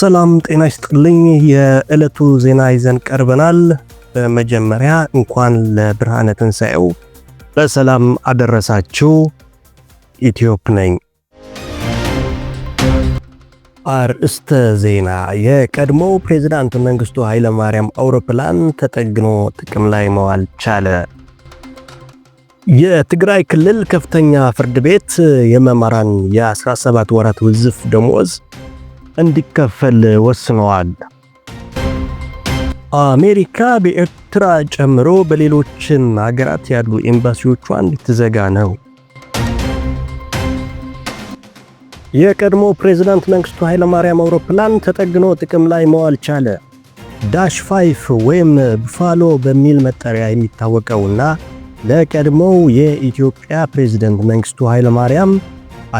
ሰላም ጤና ይስጥልኝ። የዕለቱ ዜና ይዘን ቀርበናል። በመጀመሪያ እንኳን ለብርሃነ ትንሣኤው በሰላም አደረሳችሁ። ኢትዮፕ ነኝ። አርእስተ ዜና። የቀድሞው ፕሬዝዳንት መንግስቱ ኃይለማርያም አውሮፕላን ተጠግኖ ጥቅም ላይ መዋል ቻለ። የትግራይ ክልል ከፍተኛ ፍርድ ቤት የመምህራን የ17 ወራት ውዝፍ ደሞዝ እንዲከፈል ወስነዋል። አሜሪካ በኤርትራ ጨምሮ በሌሎችም ሀገራት ያሉ ኤምባሲዎቿን እንድትዘጋ ነው። የቀድሞ ፕሬዝዳንት መንግስቱ ኃይለማርያም አውሮፕላን ተጠግኖ ጥቅም ላይ መዋል ቻለ። ዳሽ ፋይፍ ወይም ብፋሎ በሚል መጠሪያ የሚታወቀውና ለቀድሞው የኢትዮጵያ ፕሬዝደንት መንግስቱ ኃይለማርያም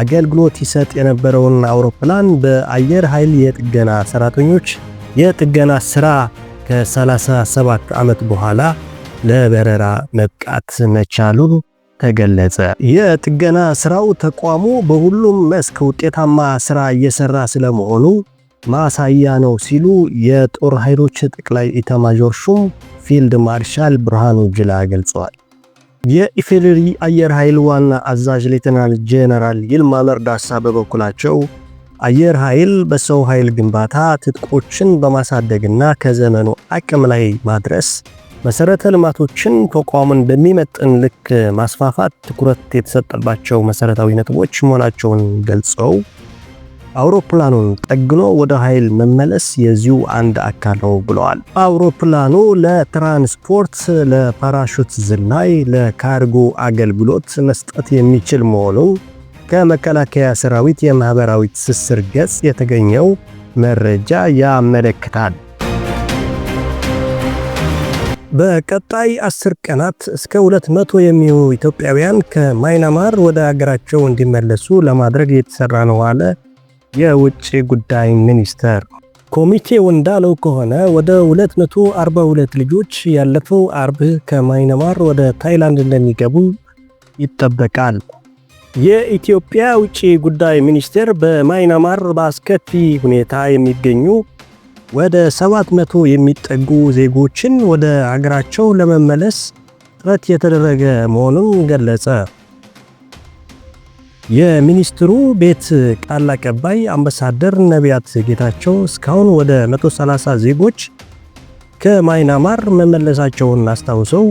አገልግሎት ይሰጥ የነበረውን አውሮፕላን በአየር ኃይል የጥገና ሰራተኞች የጥገና ስራ ከ37 ዓመት በኋላ ለበረራ መብቃት መቻሉ ተገለጸ። የጥገና ስራው ተቋሙ በሁሉም መስክ ውጤታማ ስራ እየሰራ ስለመሆኑ ማሳያ ነው ሲሉ የጦር ኃይሎች ጠቅላይ ኢታማዦር ሹም ፊልድ ማርሻል ብርሃኑ ጁላ ገልጸዋል። የኢፌዴሪ አየር ኃይል ዋና አዛዥ ሌተናል ጄኔራል ይልማ መርዳሳ በበኩላቸው አየር ኃይል በሰው ኃይል ግንባታ ትጥቆችን በማሳደግና ከዘመኑ አቅም ላይ ማድረስ መሰረተ ልማቶችን ተቋሙን በሚመጥን ልክ ማስፋፋት ትኩረት የተሰጠባቸው መሰረታዊ ነጥቦች መሆናቸውን ገልጸው አውሮፕላኑን ጠግኖ ወደ ኃይል መመለስ የዚሁ አንድ አካል ነው ብለዋል። አውሮፕላኑ ለትራንስፖርት፣ ለፓራሹት ዝላይ፣ ለካርጎ አገልግሎት መስጠት የሚችል መሆኑ ከመከላከያ ሰራዊት የማህበራዊ ትስስር ገጽ የተገኘው መረጃ ያመለክታል። በቀጣይ አስር ቀናት እስከ 200 የሚሆኑ ኢትዮጵያውያን ከማይናማር ወደ ሀገራቸው እንዲመለሱ ለማድረግ የተሰራ ነው አለ የውጭ ጉዳይ ሚኒስተር ኮሚቴው እንዳለው ከሆነ ወደ 242 ልጆች ያለፈው አርብ ከማይነማር ወደ ታይላንድ እንደሚገቡ ይጠበቃል። የኢትዮጵያ ውጭ ጉዳይ ሚኒስቴር በማይነማር በአስከፊ ሁኔታ የሚገኙ ወደ 700 የሚጠጉ ዜጎችን ወደ አገራቸው ለመመለስ ጥረት የተደረገ መሆኑን ገለጸ። የሚኒስትሩ ቤት ቃል አቀባይ አምባሳደር ነቢያት ጌታቸው እስካሁን ወደ 130 ዜጎች ከማይናማር መመለሳቸውን አስታውሰው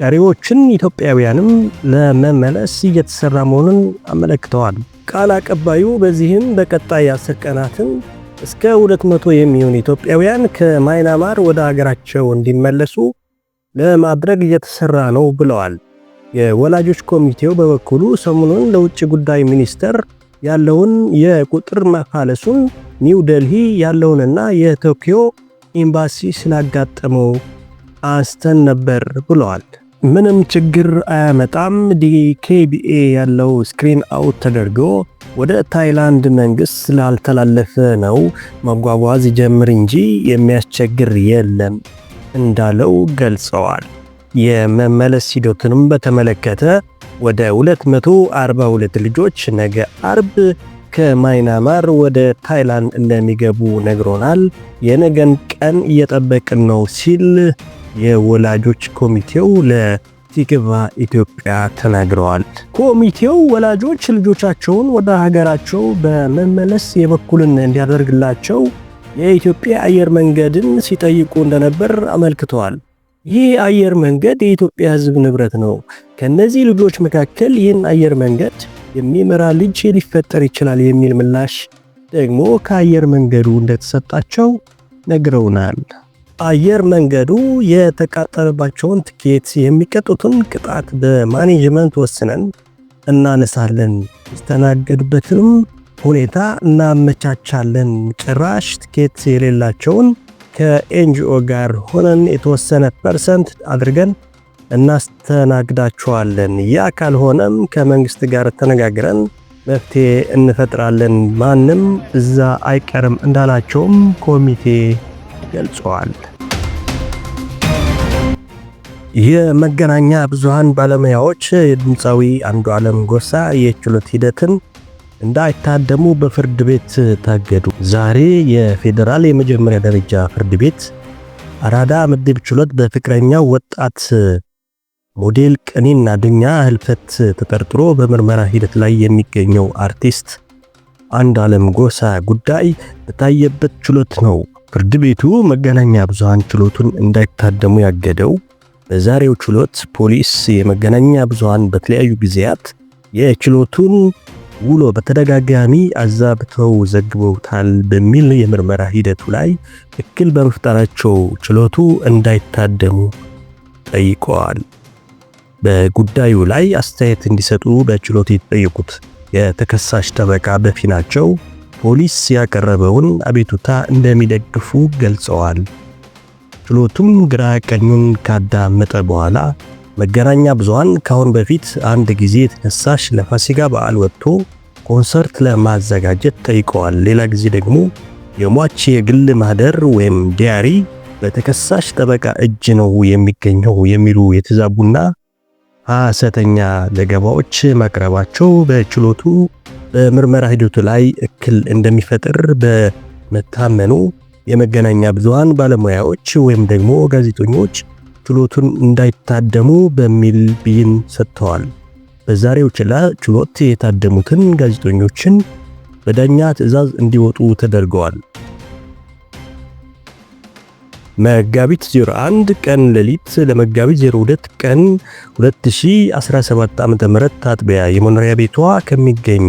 ቀሪዎችን ኢትዮጵያውያንም ለመመለስ እየተሰራ መሆኑን አመለክተዋል። ቃል አቀባዩ በዚህም በቀጣይ አስር ቀናትም እስከ 200 የሚሆኑ ኢትዮጵያውያን ከማይናማር ወደ ሀገራቸው እንዲመለሱ ለማድረግ እየተሰራ ነው ብለዋል። የወላጆች ኮሚቴው በበኩሉ ሰሞኑን ለውጭ ጉዳይ ሚኒስቴር ያለውን የቁጥር መፋለሱን ኒው ደልሂ ያለውንና የቶኪዮ ኤምባሲ ስላጋጠመው አንስተን ነበር ብለዋል። ምንም ችግር አያመጣም። ዲኬቢኤ ያለው ስክሪን አውት ተደርጎ ወደ ታይላንድ መንግስት ስላልተላለፈ ነው መጓጓዝ ጀምር እንጂ የሚያስቸግር የለም እንዳለው ገልጸዋል። የመመለስ ሂደቱንም በተመለከተ ወደ 242 ልጆች ነገ አርብ ከማይናማር ወደ ታይላንድ እንደሚገቡ ነግሮናል። የነገን ቀን እየጠበቅን ነው ሲል የወላጆች ኮሚቴው ለቲክቫ ኢትዮጵያ ተናግረዋል። ኮሚቴው ወላጆች ልጆቻቸውን ወደ ሀገራቸው በመመለስ የበኩልን እንዲያደርግላቸው የኢትዮጵያ አየር መንገድን ሲጠይቁ እንደነበር አመልክተዋል። ይህ አየር መንገድ የኢትዮጵያ ሕዝብ ንብረት ነው። ከነዚህ ልጆች መካከል ይህን አየር መንገድ የሚመራ ልጅ ሊፈጠር ይችላል የሚል ምላሽ ደግሞ ከአየር መንገዱ እንደተሰጣቸው ነግረውናል። አየር መንገዱ የተቃጠለባቸውን ትኬት የሚቀጡትን ቅጣት በማኔጅመንት ወስነን እናነሳለን፣ ይስተናገዱበትንም ሁኔታ እናመቻቻለን፣ ጭራሽ ትኬት የሌላቸውን ከኤንጂኦ ጋር ሆነን የተወሰነ ፐርሰንት አድርገን እናስተናግዳቸዋለን። ያ ካልሆነም ከመንግስት ጋር ተነጋግረን መፍትሄ እንፈጥራለን። ማንም እዛ አይቀርም እንዳላቸውም ኮሚቴ ገልጸዋል። የመገናኛ ብዙሃን ባለሙያዎች የድምፃዊ አንዱዓለም ጎሳ የችሎት ሂደትን እንዳይታደሙ በፍርድ ቤት ታገዱ። ዛሬ የፌዴራል የመጀመሪያ ደረጃ ፍርድ ቤት አራዳ ምድብ ችሎት በፍቅረኛው ወጣት ሞዴል ቀኒና አዱኛ ህልፈት ተጠርጥሮ በምርመራ ሂደት ላይ የሚገኘው አርቲስት አንዱዓለም ጎሳ ጉዳይ በታየበት ችሎት ነው። ፍርድ ቤቱ መገናኛ ብዙሃን ችሎቱን እንዳይታደሙ ያገደው በዛሬው ችሎት ፖሊስ የመገናኛ ብዙሃን በተለያዩ ጊዜያት የችሎቱን ውሎ በተደጋጋሚ አዛብተው ዘግበውታል በሚል የምርመራ ሂደቱ ላይ እክል በመፍጠራቸው ችሎቱ እንዳይታደሙ ጠይቀዋል። በጉዳዩ ላይ አስተያየት እንዲሰጡ በችሎት የተጠየቁት የተከሳሽ ጠበቃ በፊናቸው ፖሊስ ያቀረበውን አቤቱታ እንደሚደግፉ ገልጸዋል። ችሎቱም ግራ ቀኙን ካዳመጠ በኋላ መገናኛ ብዙሃን ከአሁን በፊት አንድ ጊዜ ተከሳሽ ለፋሲካ በዓል ወጥቶ ኮንሰርት ለማዘጋጀት ጠይቀዋል። ሌላ ጊዜ ደግሞ የሟች የግል ማህደር ወይም ዲያሪ በተከሳሽ ጠበቃ እጅ ነው የሚገኘው የሚሉ የተዛቡና ሐሰተኛ ዘገባዎች ማቅረባቸው በችሎቱ በምርመራ ሂደቱ ላይ እክል እንደሚፈጥር በመታመኑ የመገናኛ ብዙሃን ባለሙያዎች ወይም ደግሞ ጋዜጠኞች ችሎቱን እንዳይታደሙ በሚል ብይን ሰጥተዋል። በዛሬው ችሎት የታደሙትን ጋዜጠኞችን በዳኛ ትዕዛዝ እንዲወጡ ተደርገዋል። መጋቢት 01 ቀን ሌሊት ለመጋቢት 02 ቀን 2017 ዓ.ም አጥቢያ የመኖሪያ ቤቷ ከሚገኝ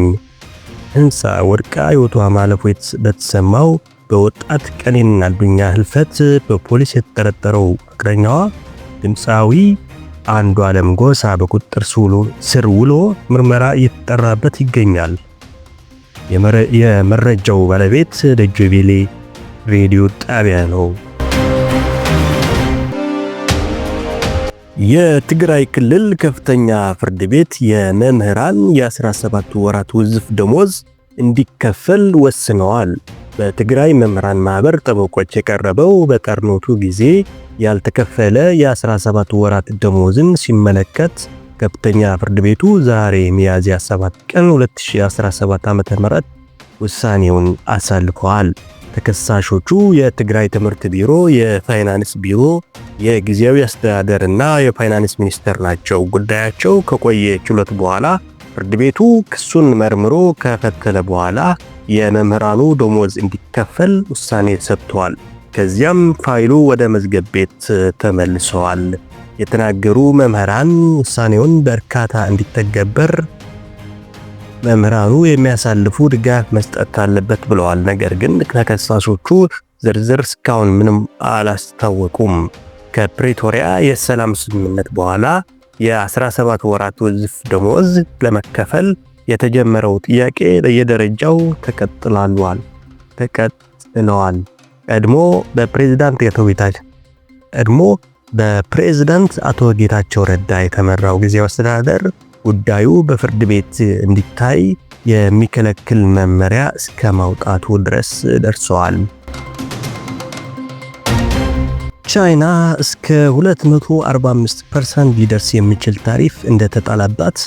ህንፃ ወድቃ ህይወቷ ማለፉ በተሰማው በወጣት ቀኔና አዱኛ ህልፈት በፖሊስ የተጠረጠረው ፍቅረኛዋ ድምፃዊ አንዱ ዓለም ጎሳ በቁጥጥር ስር ውሎ ምርመራ እየተጠራበት ይገኛል። የመረጃው ባለቤት ደጆቤሌ ሬዲዮ ጣቢያ ነው። የትግራይ ክልል ከፍተኛ ፍርድ ቤት የመምህራን የ17 ወራት ውዝፍ ደሞዝ እንዲከፈል ወስነዋል። በትግራይ መምህራን ማህበር ጠበቆች የቀረበው በጠርኖቱ ጊዜ ያልተከፈለ የ17 ወራት ደሞዝን ሲመለከት ከፍተኛ ፍርድ ቤቱ ዛሬ ሚያዝያ 7 ቀን 2017 ዓ.ም ውሳኔውን አሳልፈዋል። ተከሳሾቹ የትግራይ ትምህርት ቢሮ፣ የፋይናንስ ቢሮ፣ የጊዜያዊ አስተዳደር እና የፋይናንስ ሚኒስቴር ናቸው። ጉዳያቸው ከቆየ ችሎት በኋላ ፍርድ ቤቱ ክሱን መርምሮ ከፈተለ በኋላ የመምህራኑ ደሞዝ እንዲከፈል ውሳኔ ሰጥቷል። ከዚያም ፋይሉ ወደ መዝገብ ቤት ተመልሰዋል። የተናገሩ መምህራን ውሳኔውን በእርካታ እንዲተገበር መምህራኑ የሚያሳልፉ ድጋፍ መስጠት አለበት ብለዋል። ነገር ግን ተከሳሾቹ ዝርዝር እስካሁን ምንም አላስታወቁም። ከፕሪቶሪያ የሰላም ስምምነት በኋላ የ17 ወራት ውዝፍ ደሞዝ ለመከፈል የተጀመረው ጥያቄ ለየደረጃው ተቀጥሏል ተቀጥለዋል። ቀድሞ በፕሬዝዳንት የተወጌታቸው ቀድሞ በፕሬዝዳንት አቶ ጌታቸው ረዳ የተመራው ጊዜያዊ አስተዳደር ጉዳዩ በፍርድ ቤት እንዲታይ የሚከለክል መመሪያ እስከ ማውጣቱ ድረስ ደርሰዋል። ቻይና እስከ 245 ሊደርስ የሚችል ታሪፍ እንደተጣላባት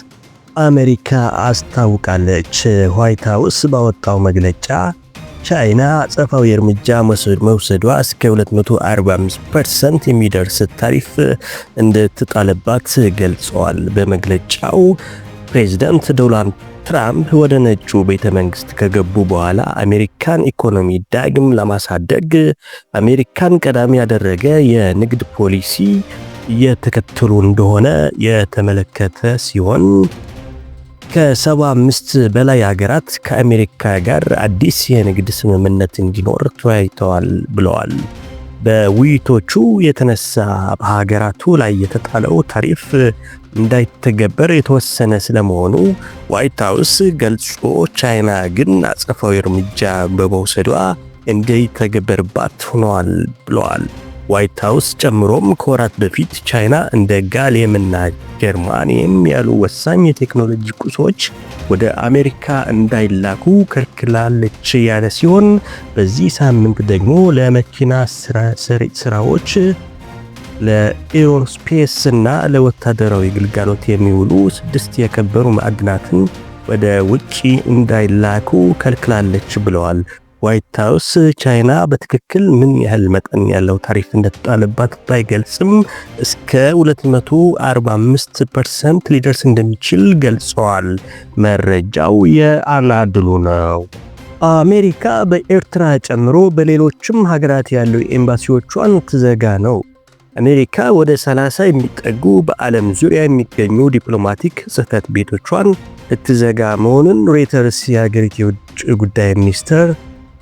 አሜሪካ አስታውቃለች። ዋይት ሀውስ ባወጣው መግለጫ ቻይና አጸፋዊ እርምጃ መውሰዷ እስከ 245 የሚደርስ ታሪፍ እንድትጣልባት ገልጸዋል። በመግለጫው ፕሬዚዳንት ዶናልድ ትራምፕ ወደ ነጩ ቤተ መንግስት ከገቡ በኋላ አሜሪካን ኢኮኖሚ ዳግም ለማሳደግ አሜሪካን ቀዳሚ ያደረገ የንግድ ፖሊሲ እየተከተሉ እንደሆነ የተመለከተ ሲሆን ከ75 በላይ ሀገራት ከአሜሪካ ጋር አዲስ የንግድ ስምምነት እንዲኖር ተወያይተዋል ብለዋል። በውይይቶቹ የተነሳ በሀገራቱ ላይ የተጣለው ታሪፍ እንዳይተገበር የተወሰነ ስለመሆኑ ዋይት ሀውስ ገልጾ፣ ቻይና ግን አጸፋዊ እርምጃ በመውሰዷ እንዳይተገበርባት ሆነዋል ብለዋል። ዋይት ሃውስ ጨምሮም ከወራት በፊት ቻይና እንደ ጋሊየምና ጀርማኒየም ያሉ ወሳኝ የቴክኖሎጂ ቁሶች ወደ አሜሪካ እንዳይላኩ ከልክላለች ያለ ሲሆን በዚህ ሳምንት ደግሞ ለመኪና ስራዎች ለኤሮስፔስ እና ለወታደራዊ ግልጋሎት የሚውሉ ስድስት የከበሩ ማዕድናትን ወደ ውጪ እንዳይላኩ ከልክላለች ብለዋል። ዋይት ሀውስ ቻይና በትክክል ምን ያህል መጠን ያለው ታሪፍ እንደተጣለባት ባይገልጽም እስከ 245 ሊደርስ እንደሚችል ገልጸዋል። መረጃው የአናድሉ ነው። አሜሪካ በኤርትራ ጨምሮ በሌሎችም ሀገራት ያሉ ኤምባሲዎቿን ትዘጋ ነው። አሜሪካ ወደ 30 የሚጠጉ በዓለም ዙሪያ የሚገኙ ዲፕሎማቲክ ጽህፈት ቤቶቿን ልትዘጋ መሆኑን ሮይተርስ የሀገሪቱ የውጭ ጉዳይ ሚኒስቴር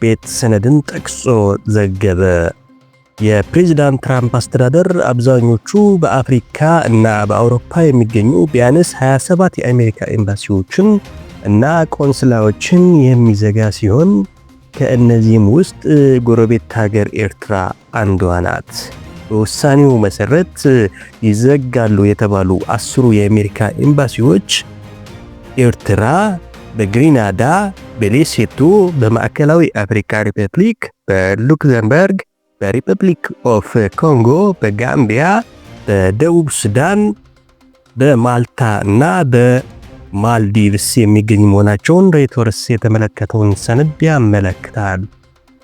ቤት ሰነድን ጠቅሶ ዘገበ። የፕሬዚዳንት ትራምፕ አስተዳደር አብዛኞቹ በአፍሪካ እና በአውሮፓ የሚገኙ ቢያንስ 27 የአሜሪካ ኤምባሲዎችን እና ቆንስላዎችን የሚዘጋ ሲሆን ከእነዚህም ውስጥ ጎረቤት ሀገር ኤርትራ አንዷ ናት። በውሳኔው መሰረት ይዘጋሉ የተባሉ አስሩ የአሜሪካ ኤምባሲዎች ኤርትራ በግሪናዳ፣ በሌሴቶ፣ በማዕከላዊ አፍሪካ ሪፐብሊክ፣ በሉክዘምበርግ፣ በሪፐብሊክ ኦፍ ኮንጎ፣ በጋምቢያ፣ በደቡብ ሱዳን፣ በማልታ እና በማልዲቭስ የሚገኝ መሆናቸውን ሬይተርስ የተመለከተውን ሰነድ ያመለክታል።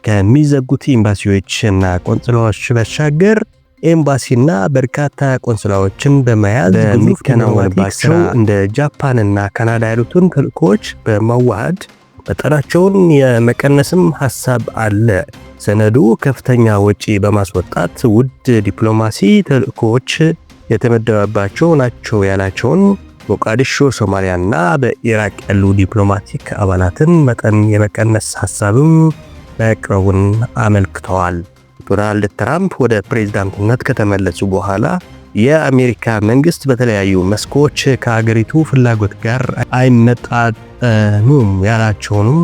ከሚዘጉት ኤምባሲዎች እና ቆንጽላዎች ባሻገር ኤምባሲና በርካታ ቆንስላዎችን በመያዝ በሚከናወንባቸው እንደ ጃፓንና ካናዳ ያሉትን ተልእኮዎች በማዋሃድ መጠናቸውን የመቀነስም ሀሳብ አለ። ሰነዱ ከፍተኛ ወጪ በማስወጣት ውድ ዲፕሎማሲ ተልእኮዎች የተመደበባቸው ናቸው ያላቸውን ሞቃዲሾ፣ ሶማሊያና በኢራቅ ያሉ ዲፕሎማቲክ አባላትን መጠን የመቀነስ ሀሳብም መቅረቡን አመልክተዋል። ዶናልድ ትራምፕ ወደ ፕሬዝዳንትነት ከተመለሱ በኋላ የአሜሪካ መንግስት በተለያዩ መስኮች ከሀገሪቱ ፍላጎት ጋር አይመጣጠኑም ያላቸውንም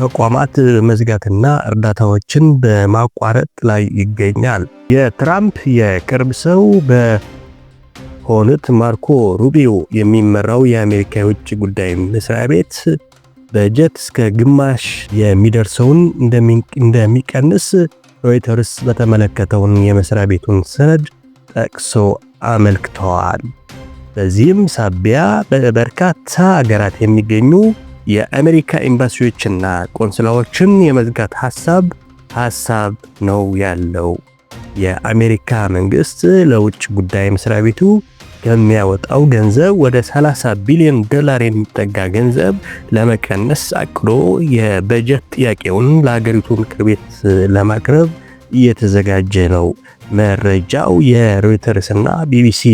ተቋማት መዝጋትና እርዳታዎችን በማቋረጥ ላይ ይገኛል። የትራምፕ የቅርብ ሰው በሆኑት ማርኮ ሩቢዮ የሚመራው የአሜሪካ የውጭ ጉዳይ መስሪያ ቤት በጀት እስከ ግማሽ የሚደርሰውን እንደሚቀንስ ሮይተርስ በተመለከተውን የመስሪያ ቤቱን ሰነድ ጠቅሶ አመልክተዋል። በዚህም ሳቢያ በበርካታ አገራት የሚገኙ የአሜሪካ ኤምባሲዎችና ቆንስላዎችን የመዝጋት ሐሳብ ሐሳብ ነው ያለው። የአሜሪካ መንግስት ለውጭ ጉዳይ መስሪያ ቤቱ የሚያወጣው ገንዘብ ወደ 30 ቢሊዮን ዶላር የሚጠጋ ገንዘብ ለመቀነስ አቅዶ የበጀት ጥያቄውን ለሀገሪቱ ምክር ቤት ለማቅረብ እየተዘጋጀ ነው። መረጃው የሮይተርስና ቢቢሲ